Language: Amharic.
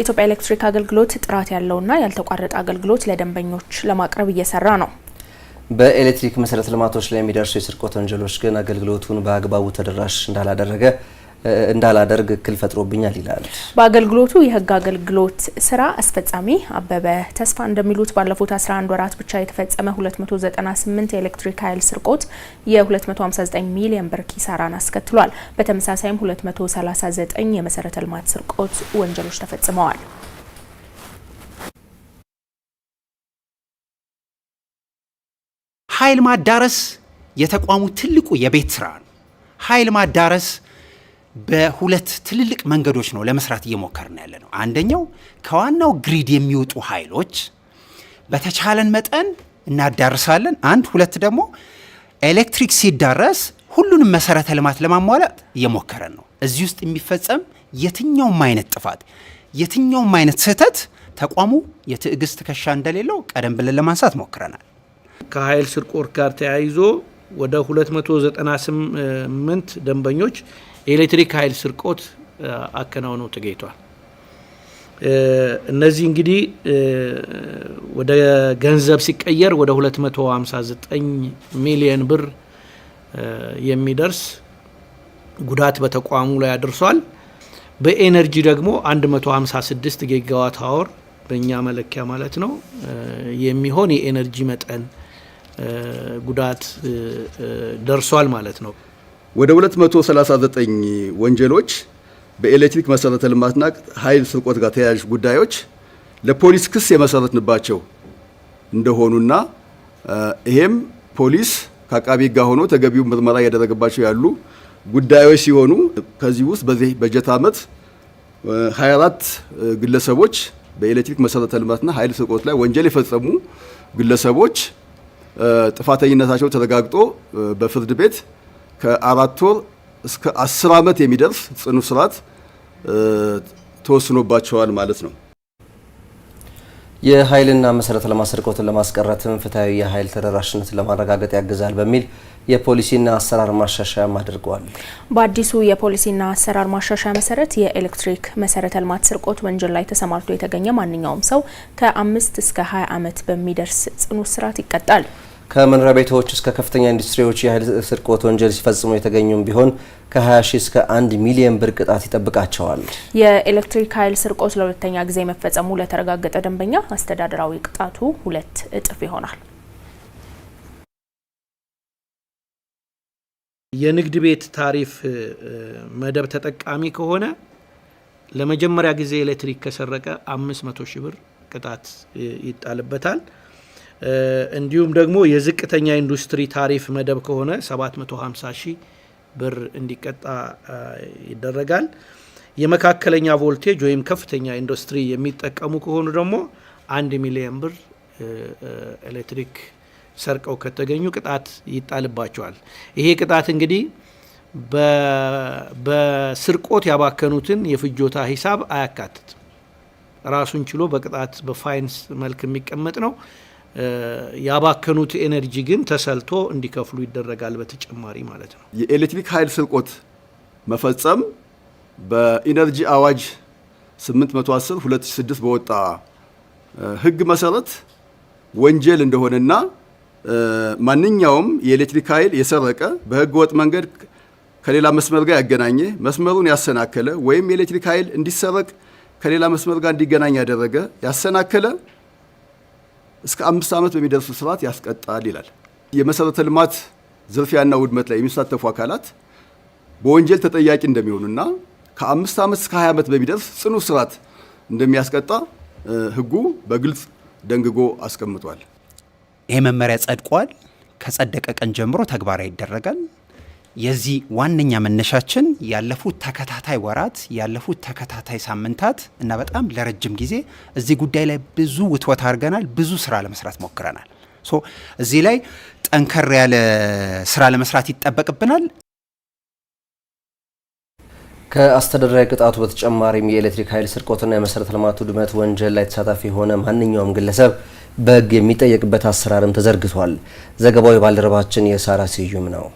ኢትዮጵያ ኤሌክትሪክ አገልግሎት ጥራት ያለውና ያልተቋረጠ አገልግሎት ለደንበኞች ለማቅረብ እየሰራ ነው። በኤሌክትሪክ መሰረተ ልማቶች ላይ የሚደርሱ የስርቆት ወንጀሎች ግን አገልግሎቱን በአግባቡ ተደራሽ እንዳላደረገ እንዳላደርግ እክል ፈጥሮብኛል ይላል። በአገልግሎቱ የህግ አገልግሎት ስራ አስፈጻሚ አበበ ተስፋ እንደሚሉት ባለፉት 11 ወራት ብቻ የተፈጸመ 298 የኤሌክትሪክ ኃይል ስርቆት የ259 ሚሊዮን ብር ኪሳራን አስከትሏል። በተመሳሳይም 239 የመሰረተ ልማት ስርቆት ወንጀሎች ተፈጽመዋል። ኃይል ማዳረስ የተቋሙ ትልቁ የቤት ስራ ነው። ኃይል ማዳረስ በሁለት ትልልቅ መንገዶች ነው ለመስራት እየሞከርን ያለ ነው። አንደኛው ከዋናው ግሪድ የሚወጡ ኃይሎች በተቻለን መጠን እናዳርሳለን። አንድ ሁለት ደግሞ ኤሌክትሪክ ሲዳረስ ሁሉንም መሰረተ ልማት ለማሟላት እየሞከረን ነው። እዚህ ውስጥ የሚፈጸም የትኛውም አይነት ጥፋት፣ የትኛውም አይነት ስህተት ተቋሙ የትዕግስት ትከሻ እንደሌለው ቀደም ብለን ለማንሳት ሞክረናል። ከኃይል ስርቆት ጋር ተያይዞ ወደ 298 ደንበኞች የኤሌክትሪክ ኃይል ስርቆት አከናውኖ ተገኝቷል። እነዚህ እንግዲህ ወደ ገንዘብ ሲቀየር ወደ 259 ሚሊየን ብር የሚደርስ ጉዳት በተቋሙ ላይ አድርሷል። በኤነርጂ ደግሞ 156 ጊጋዋት አወር በእኛ መለኪያ ማለት ነው የሚሆን የኤነርጂ መጠን ጉዳት ደርሷል ማለት ነው። ወደ 239 ወንጀሎች በኤሌክትሪክ መሰረተ ልማትና ኃይል ስርቆት ጋር ተያያዥ ጉዳዮች ለፖሊስ ክስ የመሰረትንባቸው እንደሆኑና ይሄም ፖሊስ ከአቃቢ ጋር ሆኖ ተገቢው ምርመራ እያደረገባቸው ያሉ ጉዳዮች ሲሆኑ ከዚህ ውስጥ በዚህ በጀት ዓመት 24 ግለሰቦች በኤሌክትሪክ መሰረተ ልማትና ኃይል ስርቆት ላይ ወንጀል የፈጸሙ ግለሰቦች ጥፋተኝነታቸው ተረጋግጦ በፍርድ ቤት ከአራት ወር እስከ አስር ዓመት የሚደርስ ጽኑ እስራት ተወስኖባቸዋል ማለት ነው። የኃይልና መሰረተ ልማት ስርቆትን ለማስቀረትም ፍትሐዊ የኃይል ተደራሽነትን ለማረጋገጥ ያግዛል በሚል የፖሊሲና አሰራር ማሻሻያም አድርገዋል። በአዲሱ የፖሊሲና አሰራር ማሻሻያ መሰረት የኤሌክትሪክ መሰረተ ልማት ስርቆት ወንጀል ላይ ተሰማርቶ የተገኘ ማንኛውም ሰው ከአምስት እስከ 20 ዓመት በሚደርስ ጽኑ እስራት ይቀጣል። ከመኖሪያ ቤቶች እስከ ከፍተኛ ኢንዱስትሪዎች የኃይል ስርቆት ወንጀል ሲፈጽሙ የተገኙም ቢሆን ከ20 ሺህ እስከ 1 ሚሊዮን ብር ቅጣት ይጠብቃቸዋል። የኤሌክትሪክ ኃይል ስርቆት ለሁለተኛ ጊዜ መፈጸሙ ለተረጋገጠ ደንበኛ አስተዳደራዊ ቅጣቱ ሁለት እጥፍ ይሆናል። የንግድ ቤት ታሪፍ መደብ ተጠቃሚ ከሆነ ለመጀመሪያ ጊዜ ኤሌክትሪክ ከሰረቀ 500 ሺህ ብር ቅጣት ይጣልበታል። እንዲሁም ደግሞ የዝቅተኛ ኢንዱስትሪ ታሪፍ መደብ ከሆነ 750 ሺህ ብር እንዲቀጣ ይደረጋል። የመካከለኛ ቮልቴጅ ወይም ከፍተኛ ኢንዱስትሪ የሚጠቀሙ ከሆኑ ደግሞ አንድ ሚሊዮን ብር ኤሌክትሪክ ሰርቀው ከተገኙ ቅጣት ይጣልባቸዋል። ይሄ ቅጣት እንግዲህ በስርቆት ያባከኑትን የፍጆታ ሂሳብ አያካትትም። ራሱን ችሎ በቅጣት በፋይንስ መልክ የሚቀመጥ ነው። ያባከኑት ኤነርጂ ግን ተሰልቶ እንዲከፍሉ ይደረጋል። በተጨማሪ ማለት ነው የኤሌክትሪክ ኃይል ስርቆት መፈጸም በኢነርጂ አዋጅ 810 2006 በወጣ ህግ መሰረት ወንጀል እንደሆነና ማንኛውም የኤሌክትሪክ ኃይል የሰረቀ በህገ ወጥ መንገድ ከሌላ መስመር ጋር ያገናኘ መስመሩን ያሰናከለ ወይም የኤሌክትሪክ ኃይል እንዲሰረቅ ከሌላ መስመር ጋር እንዲገናኝ ያደረገ ያሰናከለ እስከ አምስት ዓመት በሚደርሱ ስርዓት ያስቀጣል ይላል። የመሰረተ ልማት ዝርፊያና ውድመት ላይ የሚሳተፉ አካላት በወንጀል ተጠያቂ እንደሚሆኑና ከአምስት ዓመት እስከ 20 ዓመት በሚደርስ ጽኑ እስራት እንደሚያስቀጣ ህጉ በግልጽ ደንግጎ አስቀምጧል። ይሄ መመሪያ ጸድቋል። ከጸደቀ ቀን ጀምሮ ተግባራዊ ይደረጋል። የዚህ ዋነኛ መነሻችን ያለፉት ተከታታይ ወራት ያለፉት ተከታታይ ሳምንታት እና በጣም ለረጅም ጊዜ እዚህ ጉዳይ ላይ ብዙ ውትወት አድርገናል። ብዙ ስራ ለመስራት ሞክረናል። ሶ እዚህ ላይ ጠንከር ያለ ስራ ለመስራት ይጠበቅብናል። ከአስተዳደራዊ ቅጣቱ በተጨማሪም የኤሌክትሪክ ኃይል ስርቆትና የመሰረተ ልማቱ ውድመት ወንጀል ላይ ተሳታፊ የሆነ ማንኛውም ግለሰብ በሕግ የሚጠየቅበት አሰራርም ተዘርግቷል። ዘገባው የባልደረባችን የሳራ ስዩም ነው።